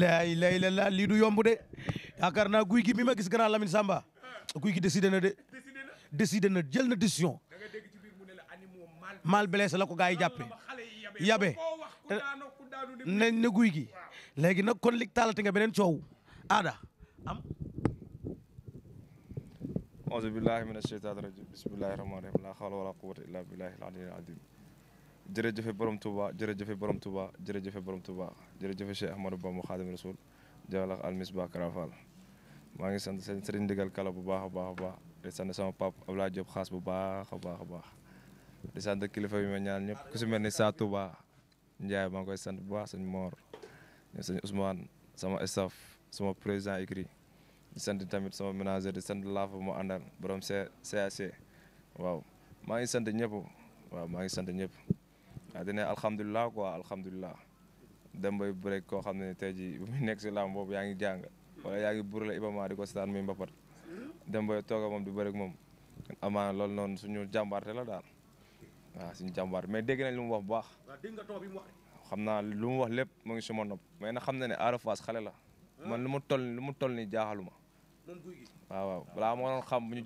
lay la laa lii du yomb de yaakaar naa guy gi bi ma gis grand Lamine Samba guy gi décidé na de décidé na jël na décision mal blessé la ko gars yi jàppe yabe nañ na guy gi léegi nag kon lig taalati nga beneen coow aada am auzu billahi mina sheytaani rajim bismillahi rahmaani rahim la hawla wala quwwata illa billahi al aliyyil azim jërëjëfe borom Touba jërëjëfe borom Touba jërëjëfe borom Touba jërëjëfe Cheikh Ahmadou Bamba Xaadim Rasul jalax almisba karafal maa ngi sant seen sëriñ ndigal kala bu baax a baax a baax di sant sama pap Abdoulaye Diop xaas bu baax a baax a baax di sant kilifa yi ma ñaan ñëpp ku si mel ni saa Touba Ndiaye maa ngi koy sant bu baax sëñ Mor ñoom sëñ Ousmane sama staff sama président écrit di sant tamit sama ménager di sant laafa mu àndal borom CAC waaw maa ngi sant ñëpp waaw maa ngi sant ñëpp waaw ne alhamdulilah ko alhamdulilah demba yu bëre koo xam ne te ji bu muy nekk si làmb boobu yaa ngi jàng wala yaa ngi burale Ibama di ko seetaan muy mbapat dem bay toog moom di bëre ak moom amaana loolu noonu suñu jàmbaarte la daal waaw suñu jàmbaarte mais dégg nañ lu mu wax bu baax. wax. xam naa lu mu wax lépp mu ngi suma nopp mais nag xam na ne Ada xale la ah. man lu mu toll lu mu toll nii jaaxaluma. waaw waaw balaa ma doon xam bu ñu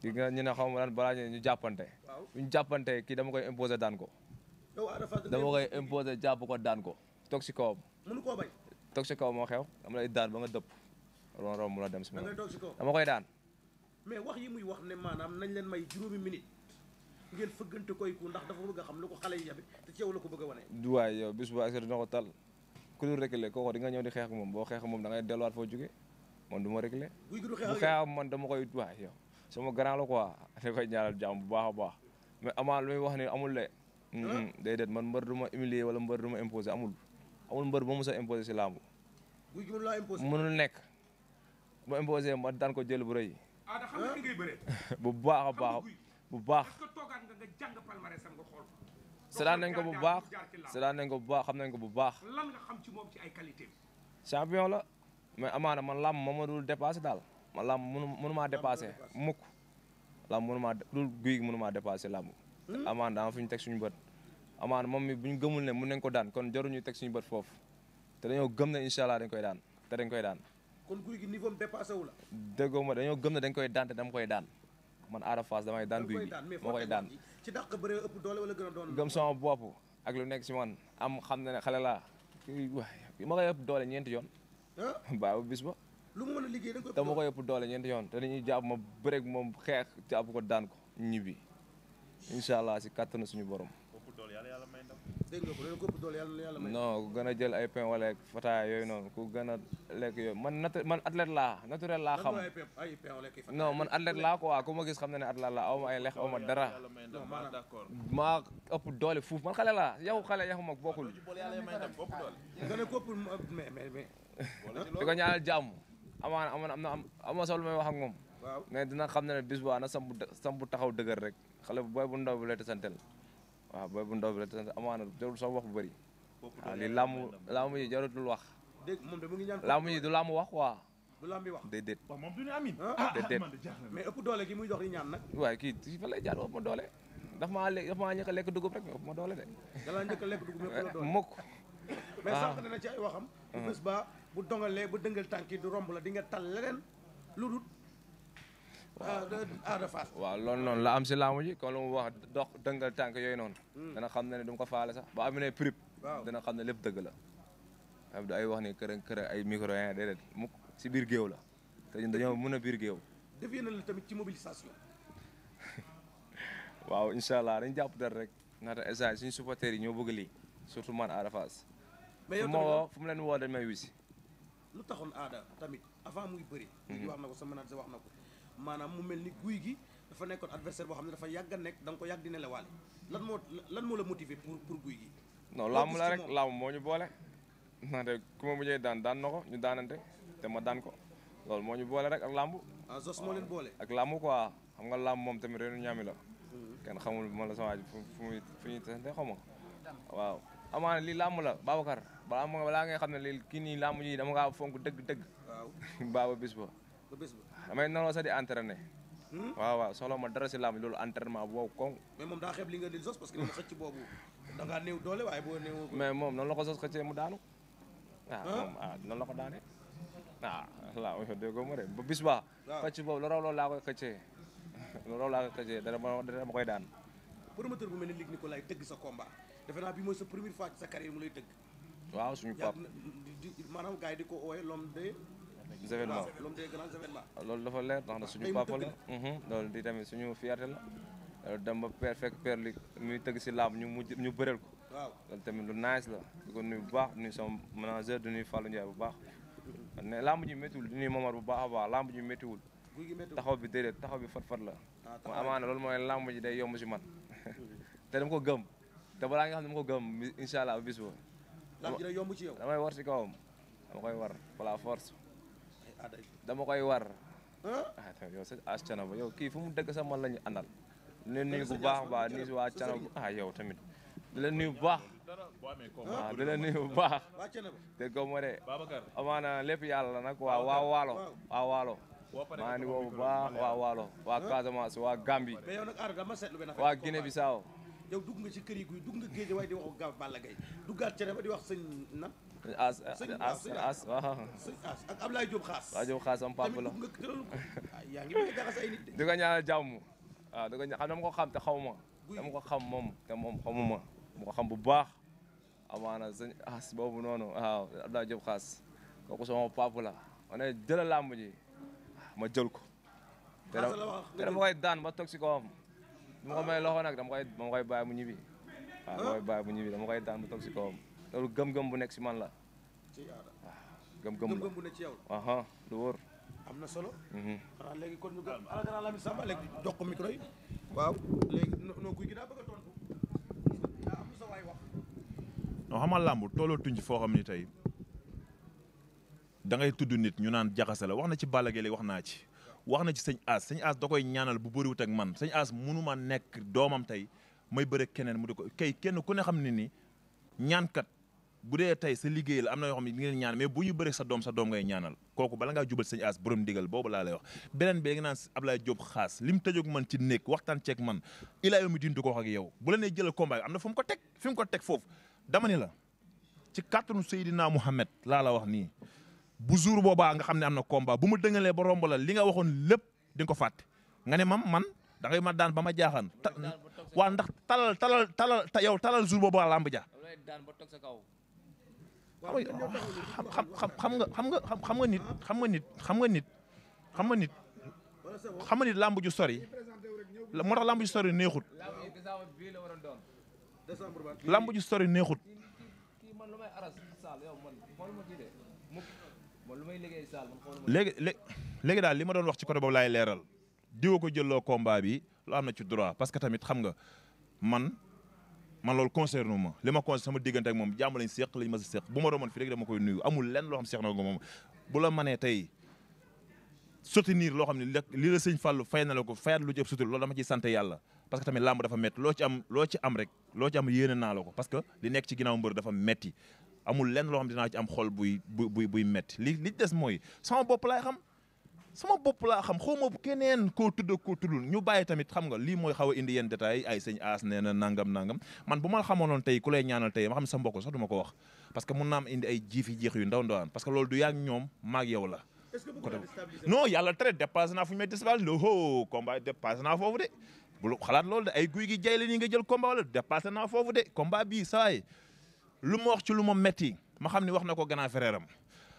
di nga ñu ne xaw ma lan ñu jàppante. jàppante kii dama koy imposer daan ko. dama koy imposer jàpp ko daan ko. toog si kawam. mënu koo bañ. toog si kawam moo xew dama lay daan ba nga dëpp. ron ron mu la dem si ma. koy daan. mais wax yi muy wax ne maanaam nañ leen may juróomi minute. ngeen fëggante koy ku ndax dafa bëgg a xam lu ko xale yi yabe te ci la ko bëgg a wane. waaye yow bis bu àggsi dina ko di nga ñëw di xeex moom boo xeex moom da ngay delluwaat foo jóge man du ma réglé. bu xeex ak man dama koy waaye yow sama grand la quoi bu baax a baax mais Ama lu wax ni amul le hmm. hmm, hmm. déedéet man mbër du ma humilier wala mbër du ma imposer amul amul mbër ba mu sa imposer si mënul nekk ma imposer ma daan ko jël bu rëy ah, bu baax a baax bu baax seetaan nañ ko bu baax seetaan nañ ko bu baax xam nañ ko bu baax lan champion la mais amaana man lam ma ma dul dépassé daal man làmb mënu mënu maa dépassé làmb mënumaa loolu guy gi mënumaa dépassé làmb hmm? amaan dama fi ñu teg suñu bët amaan moom mi bu ñu gëmul ne mën nañ ko daan kon jaruñu teg suñu bët foofu te dañoo gëm na incha allah dañ koy daan te dañ koy daan kon guy gi niveau dépassé wu la déggoo ma dañoo gëm ne dañ koy daan te dama koy daan man a Fass damay daan guy gi moo koy daan ci dàq bëree ëpp doole wala gën a doon gëm ak lu nekk si man am xam ne ne xale laa ma koy ëpp doole ñeenti yoon baabu bis ba lu a liggéey da nga koy te ma koy ëpp doole ñeenti yoon te dañuy ma bëreeg moom xeex jàpp ko daan ko ñibbi incha allah si kàttanu suñu borom. ëpp yàlla yàlla may ndam. dégg ku gën a jël ay pain wala fataaya yooyu noonu ku gën a lekk yooyu man nat man laa naturel laa xam. non man athlète laa quoi ku ma gis xam na ne athlète laa aw ma ay lekk aw ma dara. maa ëpp doole fuuf man xale laa yow xale yow mag bokkul. nga ko ëpp mais mais amaana amoon am na am ama sol may wax ak moom mais dina xam ne ne bis bu sambu taxaw dëgër rek xale bu booy bu ndaw bi lay tasantel waaw booy bu ndaw bi lay tasantel amaana jarul sax wax bu bëri waaw li làmb làmb yi wax làmb yi du làmb wax quoi du lamb bi wax déedéet. waaw moom du ne amiin. Ah, ah, déedéet mais ëpp doole gi muy jox di ñaan nag. waaye kii kii fan lay jaar ëpp ma doole. daf maa lekk daf lekk dugub rek mais ëpp ma doole de. da laa njëkk a lekk dugub mais ëpp la doole mukk. mais sànq dana ah. bu baa bu dongalee bu dëngal tànki yi du romb la di nga tal leneen lu dul. Ada Fass waaw lool noonu la am si laamu ji kon lu mu wax dox dëngal tànk yooyu noonu. Hmm. dana xam ne du ko faale sax ba amee prip. dana xam ne lépp dëgg la. ay wax ne kër kër ay micro yi déedéet mu si biir géew la te dañoo mën a biir géew. defee na la tamit ci mobilisation. waaw incha allah dañ jàpp dara rek naata essage yi ñoo bëgg lii surtout man Ada Fass mais yow tamit fu ma woo mu leen woo dañ may wisi. lu taxoon aada tamit avant muy bëri. léegi na ko sa wax na ko maanaam mu mel ni guy gi dafa nekkoon adversaire boo xam ne dafa yàgg a nekk da nga ko yàgg di nelewaale lan moo lan moo la motiver pour pour guy gi. non laamu la rek laamu moo ñu boole. ndaxte ku ma mujjee daan daan na ko ñu daanante te ma daan ko loolu moo ñu boole rek ak làmb. ah Zoss moo leen boole. ak làmb quoi xam nga làmb moom tamit reenu ñaami la. Mm-hmm. kenn xamul ma la sama waaj fu muy fu ñuy te xaw ma waaw amaana lii làmb la baa Babacar. balaa ma balaa ngay xam ne lii kii nii làmb ji dama kaa fonk dëgg dëgg. ba. ba bis ba damay nanoo sax di entraîné. Hmm? waaw waaw soxla ma dara si làmb loolu entraînement boobu koŋŋ. mais moom daa xeeb li nga di sos parce que moom xëcc boobu da ngaa doole waaye boo néewoo. mais moom noonu la ko sos xëccee mu daanu. ah moom ah noonu la ko daane. ah waaw déggoo ma de ba bis ba. waaw xëcc boobu looloo loolu laa koy xëccee. looloo laa koy xëccee dara ma dara ma koy daan. bu mel ni Luc Nicolaï tëgg sa combat defe naa bi sa première fois waaw suñu pap maanaam gars yi di ko ooyee l'homme des événements l'homme ah, loolu dafa leer ndax na suñu papa la mhm. loolu di tamit suñu fierté la dem ba père fekk muy tëgg si laab ñu mujj ñu bëreel ko waaw tamit lu nice la di ko nuyu bu baax nuyu sama manager di nuyu Fallou bu baax ne lamb ji méttiwul di nuyu Momar bu baax a baax lamb ji méttiwul taxaw bi déedéet taxaw bi fat fat la ah, moo amaana loolu mooy lamb ji day yomb si man te dama ko gëm te balaa nga xam ne dama ko gëm incha allah bis ba la ji da yomb ci yow. damay war koy war wala force. dama koy war. ah yow sëñ as ah, canaba yow kii fu mu dëkk sax man la ñu àndal. nuyu bu baax ba nuyu si waa canaba ah, yow tamit. di leen nuyu bu baax. waaw ah, bu baax. te gomo de. amaana lépp yàlla la nag waa wa waalo. waa waalo. maa ngi woo bu baax waa waalo. waa Casamance waa Gambie. waa Guinée yow dugg nga ci kër yi guy dugg nga géej waaye di wax gaaw Balla Gaye duggaat cere ba di wax sëñ nan as as as waaw sëñ as ak Ablaye Diop xaas waaw Diop xaas am pap la tamit dugg nga yaa ngi bëgg jaxas ay nit di nga ñaanal jàmm waaw di nga ñaan dama ko xam te xaw ma dama ko xam moom te moom xamuma ma ko xam bu baax amaana sëñ as boobu noonu waaw Ablaye Diop xaas kooku sama pap la ma ne jëla làmb ji ma jël ko te dama koy daan ba toog si kawam bu ma ko may loxo nag bu toog si kawam loolu gëm bu nekk si man la waaw ci na solo waaw mhm. léegi kon ñu foo xam ni tey da tudd nit ñu naan jaxase la wax na ci Balla Gaye wax naa ci wax na ci sëñ As sëñ As da koy ñaanal bu bëriwut ak man sëñ As mënuma nekk doomam tey may bëre keneen mu di ko kay kenn ku ne xam ne ni ñaankat bu dee tey sa liggéey la am na yoo xam ngeen ñaan mais bu ñu bëri sa doom sa doom ngay ñaanal kooku bala ngaa jubal sëñ As borom ndigal boobu laala lay wax beneen bi nga naan Ablaye Diop xaas li mu tëjoog man ci nekk waxtaan ceeg man ilaa yow mi dindu ko wax ak yow bu la nee jëlal combat am na fu mu ko teg fi mu ko teg foofu dama ni la ci kàttanu Seydina Mouhamed laa la wax nii bu jour boobaa nga xam ne am na combat bu ma dëngalee ba romb la li nga waxoon lépp di nga ko fàtte nga ne mam man da ngay ma daan ba ma jaaxaan. waa ndax talal talal talal yow talal jour boobaa làmb ja xam xam xam nga xam nga xam nga nit xam nga nit xam nga nit xam nga nit xam nga nit làmb ju sori moo tax làmb ju sori neexut. làmb ju sori neexut. léegi léegi daal li ma doon wax ci côté boobu laay leeral diwa ko jëlloo combat bi loo am na ci droit parce que tamit xam nga man man loolu concerne ma li ma concerne sama diggante moom jàmm lañ seq lañ ma si seq bu ma doon mën fii rek ma koy nuyu amul lenn loo xam seq na ko moom bu la manee tey soutenir loo xam ne li la sëñ Fallou fay na la ko fayat lu jëpp sutur loolu dama ciy sant yàlla parce que tamit lamb dafa métti loo ci am loo ci am rek am yéene naa la ko parce que li nekk ci ginnaaw mbër dafa metti amul lenn loo xam dinaa ci am xol buy li li des mooy sama bopp laay xam sama bopp laa xam keneen koo tudd koo tuddul ñu bàyyi tamit xam lii mooy xaw a indi yenn aas nangam nangam man bu ma la xamoonoon tey ku lay ñaanal tey ma xam ne sa mbokk sax du ma yu ndaw ndawaan parce que du yaag ñoom maag yow la non yàlla tere dépassé naa fu ñu may déstabiliser loho combat dépassé de bul xalaat lu ma wax ci lu ma metti ma xam ni wax na ko ganaa frère am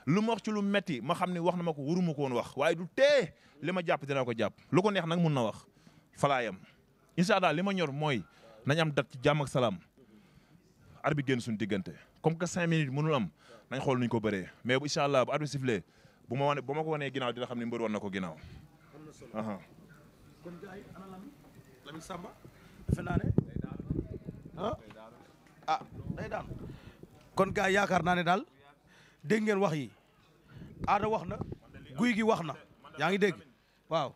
lu ma wax ci lu metti ma xam ni wax na ma ko wuruma ko woon wax waaye du tee li ma jàpp dinaa ko jàpp lu ko neex nag mun na wax falaayam incha allah li ma ñor mooy nañ am dat ci jàmm ak salaam ar bi génn suñu diggante comme que cinq minutes mënul am nañ xool nuñ ko bëree mais bu incha allah bu ar bi siflee bu ma wane bu ma ko wanee ginnaaw dina xam ne mbër wan na ko ginnaaw. kon gars yi Samba defe kon gars yaakaar naa ne daal dégg ngeen wax yi aada wax na guy gi wax na yaa ngi dégg waaw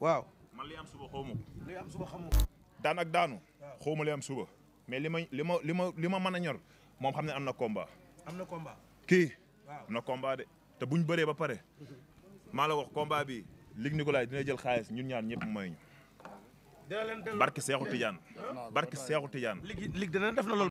waaw li am suba xaw ma am suba xamu daan ak daanu xaw ma li suba mais li ma li ma li ma li ma mën a ñor moom xam ne am na komba am na combat kii am na combat de te buñ bëree ba pare maa la wax combat bi Luc Nicolaï dina jël xaalis ñun ñaan ñëpp may ñu barki Seexu Tijaan barki Seexu Tijaan Luc Luc dina def na loolu